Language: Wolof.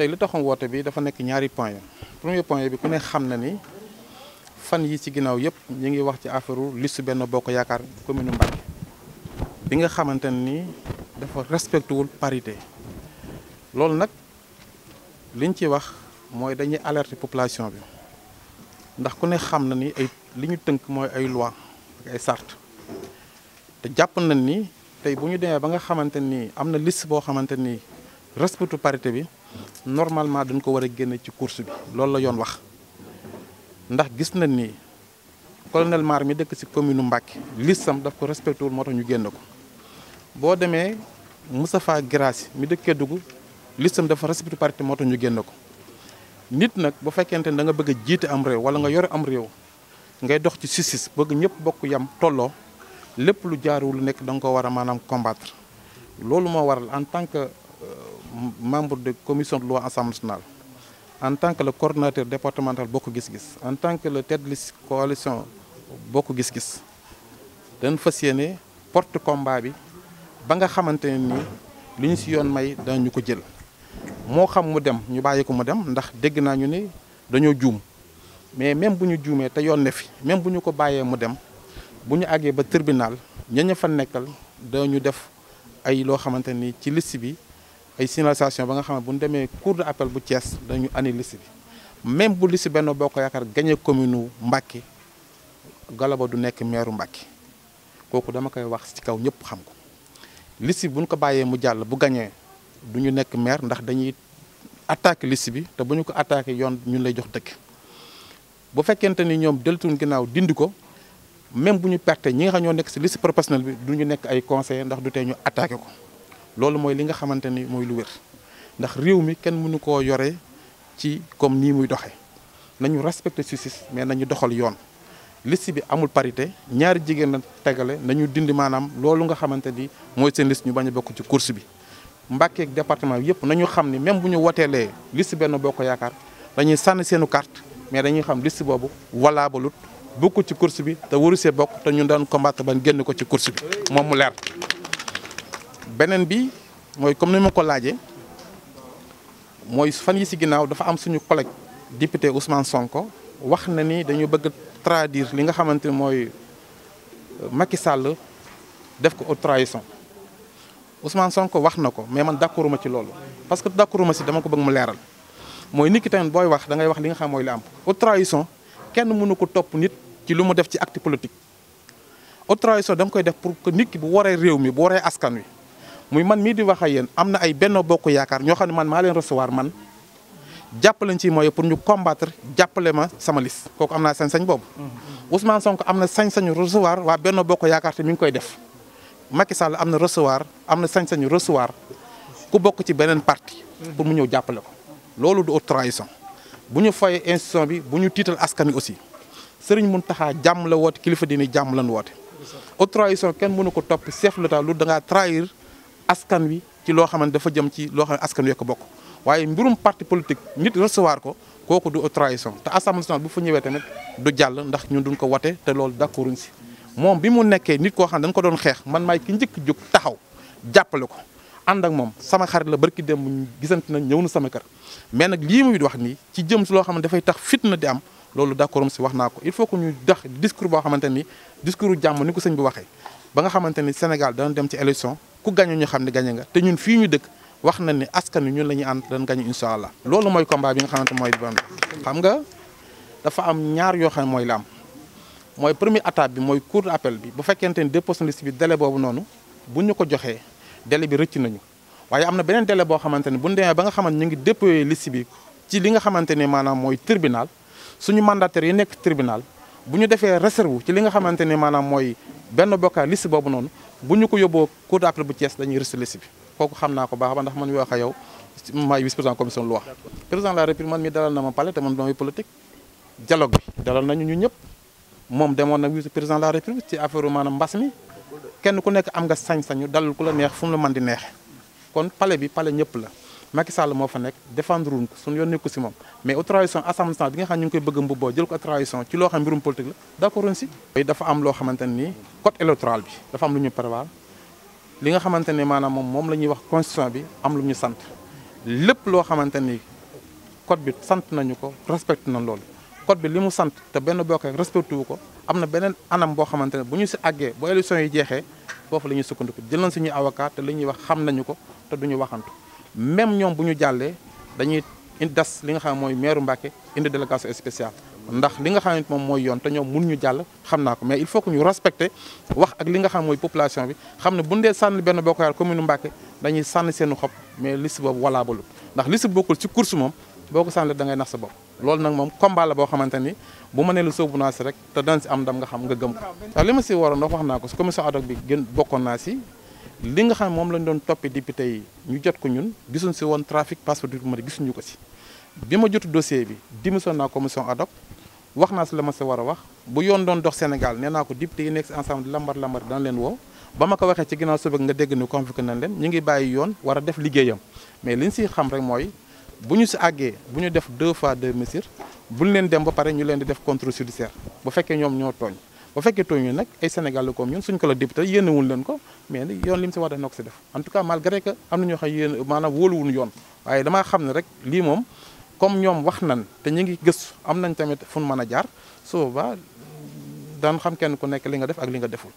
tey lu taxoon woote bi dafa nekk ñaari point yi premier point bi ku ne xam na ni fan yi ci ginnaaw yëpp ñu ngi wax ci affaire liste benn bokk yaakaar commune Mbacké bi nga xamante ni dafa respecté wul parité loolu nag liñ ci wax mooy dañuy alerter population bi ndax ku ne xam na ni ay li ñu tënk mooy ay loi ak ay sart te jàpp nañ ni tey bu ñu demee ba nga xamante ni am na liste boo xamante ni respecté parité bi normalement dañ ko war a génne ci course bi loolu la yoon wax ndax gis nañ ni colonel Mar mi dëkk si commune Mbacké listam daf ko respecté wul moo ñu génne ko boo demee Moustapha Guirassy mi dëkk Kédougou listam dafa respecté parti moo ñu génne ko nit nag bu fekkente ne da nga bëgg a jiite am réew wala nga yore am réew ngay dox ci justice bëgg ñëpp bokk yam tolloo lépp lu jaarul lu nekk da ko war a maanaam combattre loolu moo waral en tant que euh, membre de commission de loi Assemblée nationale en tant que le coordonnateur départemental Bokk Gis Gis en tant que le tête de liste coalition Bokk Gis Gis dañ fas yéene porte combat bi ba nga xamante ne li ñu si yoon may ñu ko jël moo xam mu dem ñu bàyyi ko mu dem ndax dégg naa ñu ni dañoo juum mais même bu ñu juumee te yoon ne fi même bu ñu ko bàyyee mu dem bu ñu àggee ba tribunal ña ña fa nekkal ñu def ay loo xamante ni ci list bi. ay signalisation ba nga xam ne bu ñu demee cour de appel bu cees dañu ani liste bi même bu liste Benno Bokk Yaakaar gagné commune u Mbacké Galaba du nekk maire Mbacké kooku dama koy wax ci kaw ñëpp xam ko liste bi bu ñu ko bàyyee mu jàll bu gagné du ñu nekk maire ndax dañuy attaqué list bi te bu ñu ko attaqué yoon ñun lay jox dëkk bu fekkente ni ñoom deltuñ ginnaaw dindi ko même bu ñu perte ñi nga xam ñoo nekk ci liste proportionnelle bi du ñu nekk ay conseillers ndax du tey ñu attaqué ko loolu mooy li nga xamante ni mooy lu wér ndax réew mi kenn mënu ko yore ci comme nii muy doxee nañu respecté justice mais nañu doxal yoon liste bi amul parité ñaari jigéen la tegale nañu dindi maanaam loolu nga xamante ni mooy seen liste ñu bañ a bokk ci course bi Mbàkke ak département bi yëpp nañu xam ni même bu ñu woteelee liste benn bokk yaakaar dañuy sànni seenu carte mais dañuy xam liste boobu walaa balut ci course bi te waru see bokk te ñu daan combattre génn ko ci course moom mu leer beneen bi mooy comme ni ma ko laajee mooy fan yi ci ginnaaw dafa am suñu collègue député Ousmane Sonko wax na ni dañu bëgg traduire li nga xamante ni mooy euh, Macky Sall def ko haute trahison Ousmane Sonko wax na ko mais man d'accorduma ci loolu parce que d'accorduma si dama ko bëgg mu leeral mooy nit ki tamit booy wax da ngay wax li nga xam mooy li am haute trahison kenn mënu ko topp nit ci lu mu def ci acte politique haute trahison da koy def pour que nit bu waree réew mi bu waree askan wi muy man mii di wax ak yéen am na ay Benno Bokk Yaakaar ñoo xam ne man maa leen recevoir man jàppalañ ci mooy pour ñu combattre jàppale ma sama liste kooku am naa sañ-sañ boobu. Mhm. Ousmane Sonko am na sañ-sañu recevoir waa Benno Bokk Yaakaar te mi ngi koy def Macky Sall am na recevoir am na sañ-sañu recevoir ku bokk ci beneen parti. Mhm. pour mu ñëw jàppale ko. loolu du haute trahison bu ñu fayee institution bi bu ñu tiital askan wi aussi Serigne mun jàmm la woote kilifa dini jàmm lan woote. haute trahison kenn mënu ko topp chef l'État lu dangaa trahir. askan wi ci loo xam ne dafa jëm ci loo xam askan wi ko bokk waaye mbirum parti politique nit recevoir ko kooku du trahison te assemblée nationale bu fa ñëwee tamit du jàll ndax ñun duñ ko wate te loolu d'accorduñ si moom bi mu nekkee nit koo xam ne dañ ko doon xeex man maay ki njëkk jóg taxaw jàppale ko ànd ak moom sama xarit la barki dem gisante na ñëw na sama kër mais nag lii muy wax nii ci jëm si loo xam ne dafay tax fitna di am loolu d'accord si wax naa ko il faut que ñu dax discours boo xamante ni discours jàmm ni ko sëñ bi waxee ba nga xamante ni Sénégal dana dem ci élection ku gañu ñu xam ne gañe nga te ñun fii ñu dëkk wax na ne askan wi ñun la ñuy ànd dañ gañu incha allah loolu mooy combat bi nga xamante mooy ban nga dafa am ñaar yoo xam ne mooy la mooy première étape bi mooy cour d'appel bi bu fekkente ni déposé liste bi délai boobu noonu bu ñu ko joxee délai bi rëcc nañu waaye am na beneen délai boo xamante ne bu ñu demee ba nga xamante ñu ngi déposé liste bi ci li nga xamante ne maanaam mooy tribunal suñu mandataire yi nekk tribunal bu ñu defee réserve ci li nga xamante ne maanaam mooy benn bokkaat liste boobu noonu bu ñu ko yóbboo cour d'appel bu Thiès dañuy rëstu liste bi kooku xam naa ko baax ba ndax man mi wax yow maay vice président commission loi président de la république man mi dalal na ma palais te man damay politique dialogue bi dalal nañu ñu ñëpp moom demoon nag vice président de la république ci affaire maanaam mbas mi kenn ku nekk am nga sañ-sañu dalal ku la neex fu mu la man di neex kon pale bi pale ñëpp la Macky Sall moo fa nekk défendre su ko suñu yoon nekku si moom mais autorisation assemblée nationale bi nga xam ne ñu ngi koy bëgg a loo xam mbirum politique la d'accord si. bi dafa am lu ñu prévoir li nga xamante ne maanaam moom moom la ñuy wax constitution bi am lu ñu sant lépp loo xamante ni code bi sant nañu ko respecté nañ loolu. code bi li mu sant te benn bokk rek wu ko am na beneen anam boo xamante ne bu ñu si àggee bu yi jeexee foofu la ñuy sukkandiku jël nañ suñuy avocat te li ñuy wax xam nañu ko te duñu waxantu. même ñoom bu ñu jàllee dañuy indi das li nga xam mooy maire Mbacké indi délégation spéciale ndax li nga xam ne moom mooy yoon te ñoom ñu jàll xam naa ko mais il faut que ñu respecté wax ak li nga xam mooy population bi xam ne bu ñu dee sànni benn bokk yaar commune Mbacké dañuy sànni seen xob mais li liste boobu walaa balu ndax si bokkul ci course moom boo ko sànni da ngay nax sa bopp loolu nag moom combat la boo xamante ni bu ma nee la rek te dana si am ndam nga xam nga gëm ko waaw li ma si waroon wax naa ko si commission ad hoc bi bokkoon naa si li nga xam moom lañ doon toppee député yi ñu jot ko ñun gisuñ si woon trafic passeport diplomatique gisuñu ko si bi ma jotu dossier bi démission naa commission ad hoc wax naa si la ma si war a wax bu yoon doon dox Sénégal nee naa ko député yi nekk si ensemble di lambar lambar dana leen woo ba ma ko waxee ci ginnaaw suba nga dégg ni convoqué nañ leen ñu ngi bàyyi yoon war a def liggéeyam mais liñ siy xam rek mooy bu ñu si àggee bu ñu def deux fois deux mesures buñ leen dem ba pare ñu leen di def contrôle judiciaire bu fekkee ñoom ñoo tooñ bu fekkee tooñu nag ay Sénégal comme ñun suñ ko la député yéenewul leen ko mais yoon li mu si war def na si def en tout cas malgré que am na ñoo xam yéen maanaam wóoluwuñu yoon waaye damaa xam ne rek lii moom comme ñoom wax nañ te ñu ngi gëstu am nañ tamit fu mu mën a jaar su daan xam kenn ku nekk li nga def ak li nga deful